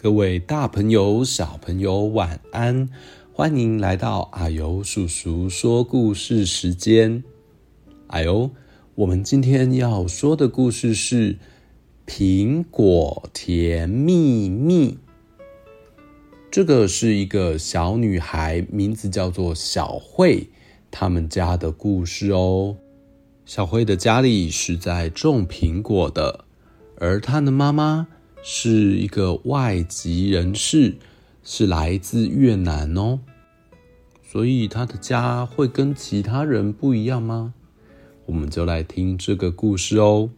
各位大朋友、小朋友，晚安！歡迎來到啊呦叔叔說故事時間。啊呦，我們今天要說的故事是《蘋果甜蜜蜜》。這個是一個小女孩，名字叫做小慧，他們家的故事哦。小慧的家裡是在種蘋果的，而她的媽媽。是一個外籍人士，是來自越南哦，所以他的家會跟其他人不一樣嗎？我們就來聽這個故事哦。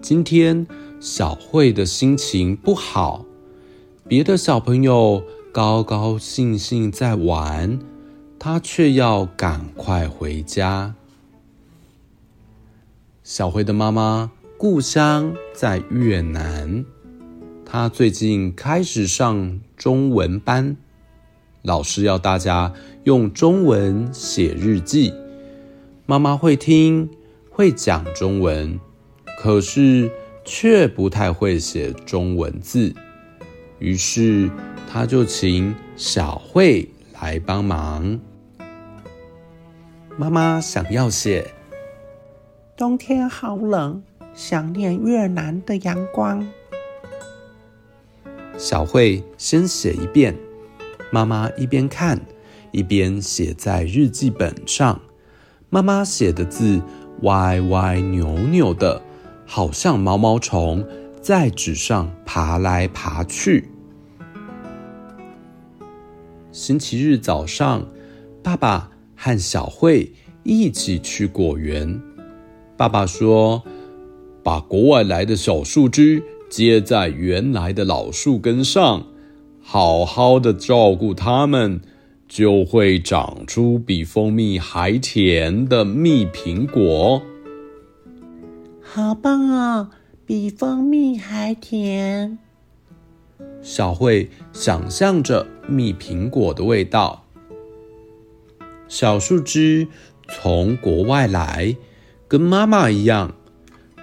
今天小惠的心情不好，別的小朋友高高興興在玩，她卻要趕快回家。小惠的媽媽。故鄉在越南。她最近開始上中文班，老師要大家用中文寫日記。媽媽會聽會講中文，可是卻不太會寫中文字，於是她就請小惠來幫忙。媽媽想要寫：冬天好冷。想念越南的陽光。小惠先寫一遍，媽媽一邊看一邊寫在日記本上。媽媽寫的字歪歪扭扭的，好像毛毛蟲在紙上爬來爬去。星期日早上，爸爸和小惠一起去果園。爸爸說。把國外來的小樹枝接在原來的老樹根上，好好的照顧它們，就會長出比蜂蜜還甜的蜜蘋果。好棒啊、哦！比蜂蜜還甜。小惠想象着蜜蘋果的味道。小樹枝從國外來，跟媽媽一樣。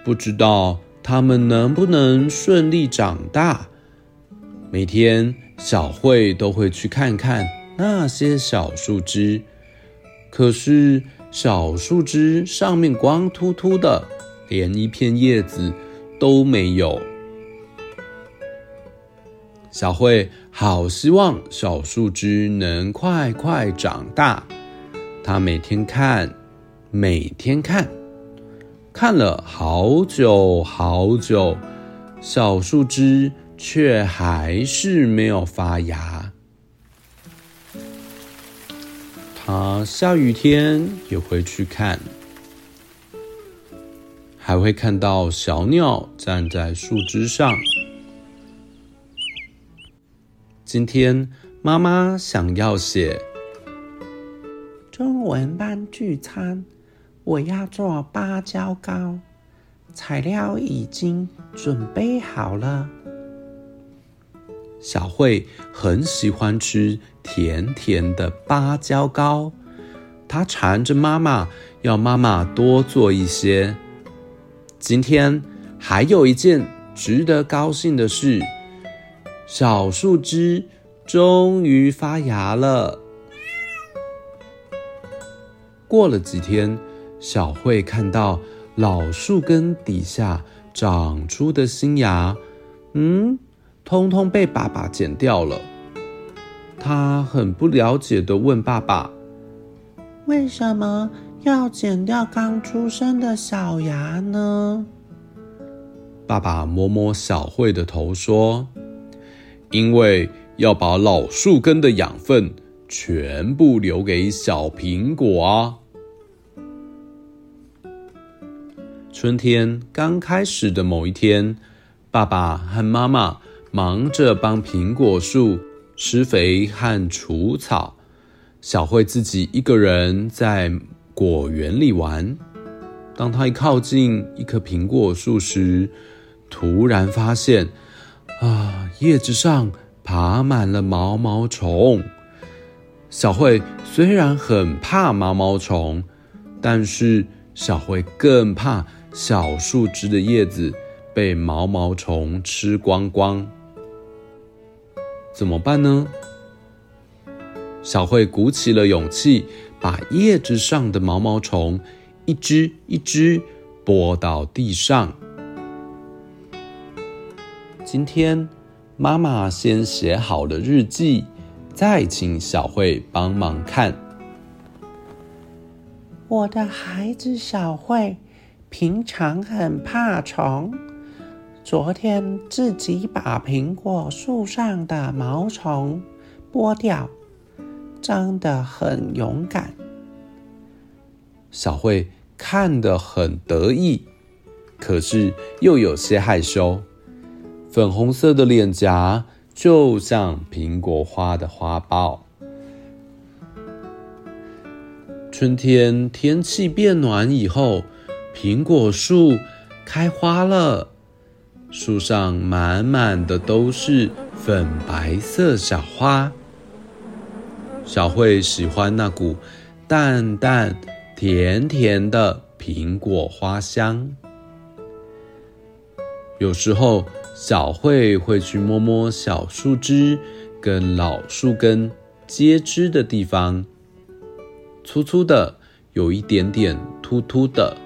不知道它們能不能順利長大。每天，小惠都會去看看那些小樹枝。可是，小樹枝上面光禿禿的，連一片葉子都沒有。小惠好希望小樹枝能快快長大。她每天看，每天看。看了好久好久，小樹枝卻還是沒有發芽。他下雨天也會去看，還會看到小鳥站在樹枝上。今天媽媽想要寫中文班聚餐。我要做芭蕉糕，材料已經準備好了。小惠很喜歡吃甜甜的芭蕉糕，她纏着媽媽要媽媽多做一些。今天還有一件值得高興的事，小樹枝終於發芽了。過了幾天。小惠看到老樹根底下長出的新芽，嗯，通通被爸爸剪掉了。她很不了解地問爸爸：“為什麼要剪掉剛出生的小芽呢？”爸爸摸摸小惠的頭說：“因為要把老樹根的養分全部留給小蘋果啊。”春天剛開始的某一天，爸爸和媽媽忙着幫蘋果樹施肥和除草。小惠自己一個人在果園裡玩。當她一靠近一棵蘋果樹時，突然發現，啊，葉子上爬滿了毛毛蟲。小惠雖然很怕毛毛蟲，但是小惠更怕。小樹枝的葉子被毛毛蟲吃光光，怎麼辦呢？小慧鼓起了勇氣，把葉子上的毛毛蟲一隻一隻撥到地上。今天媽媽先寫好了日記，再請小慧幫忙看。我的孩子小慧。平常很怕蟲，昨天自己把蘋果樹上的毛蟲剝掉，真的很勇敢。小慧看得很得意，可是又有些害羞，粉紅色的臉頰就像蘋果花的花苞。春天天氣變暖以後。蘋果樹開花了，樹上滿滿的都是粉白色小花。小惠喜歡那股淡淡甜甜的蘋果花香。有時候，小惠會去摸摸小樹枝跟老樹根接枝的地方，粗粗的，有一點點突突的。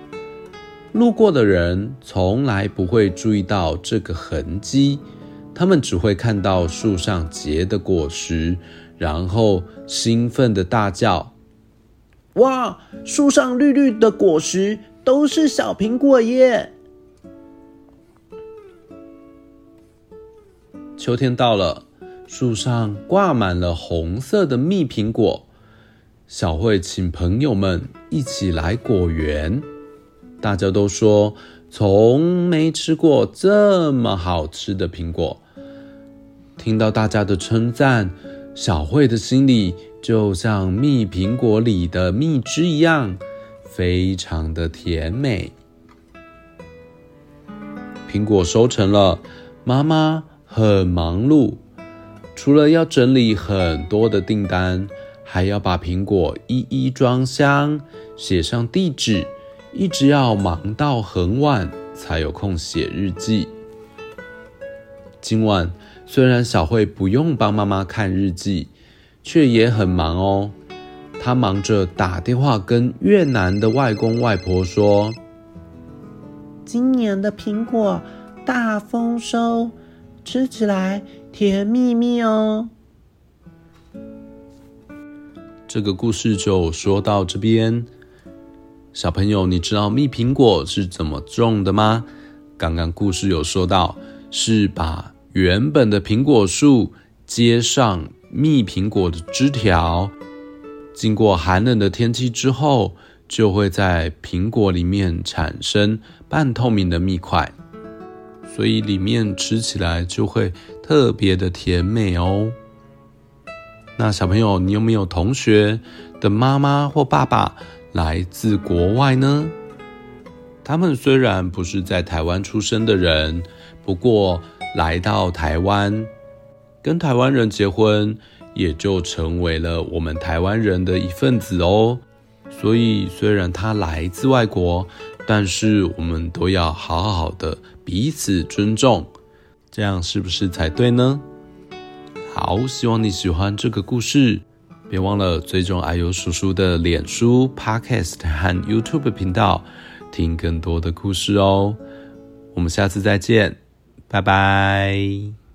路過的人從來不會注意到這個痕迹，他們只會看到樹上結的果實，然後興奮的大叫：“哇！樹上綠綠的果實都是小蘋果耶！”秋天到了，樹上掛滿了紅色的蜜蘋果。小惠請朋友們一起來果園。大家都說從沒吃過這麼好吃的蘋果。聽到大家的稱讚，小惠的心裡就像蜜蘋果裡的蜜汁一樣，非常的甜美。蘋果收成了，媽媽很忙碌，除了要整理很多的訂單，還要把蘋果一一裝箱，寫上地址。一直要忙到很晚才有空寫日記。今晚雖然小慧，不用幫媽媽看日記，卻也很忙哦。她忙着打電話跟越南的外公外婆說：“今年的蘋果大豐收，吃起來甜蜜蜜哦。”這個故事就說到這邊。小朋友，你知道蜜蘋果是怎麼種的嗎？剛剛故事有說到，是把原本的蘋果樹接上蜜蘋果的枝條，經過寒冷的天氣之後，就會在蘋果裡面產生半透明的蜜塊，所以裡面吃起來就會特別的甜美哦。那小朋友，你有沒有同學的媽媽或爸爸？來自國外呢，他們雖然不是在台灣出生的人，不過來到台灣，跟台灣人結婚，也就成為了我們台灣人的一份子哦。所以，雖然他來自外國，但是我們都要好好的彼此尊重，這樣是不是才對呢？好，希望你喜歡這個故事。別忘了追蹤啊呦叔叔的臉書、Podcast 和 YouTube 頻道，聽更多的故事哦。我們下次再見，拜拜。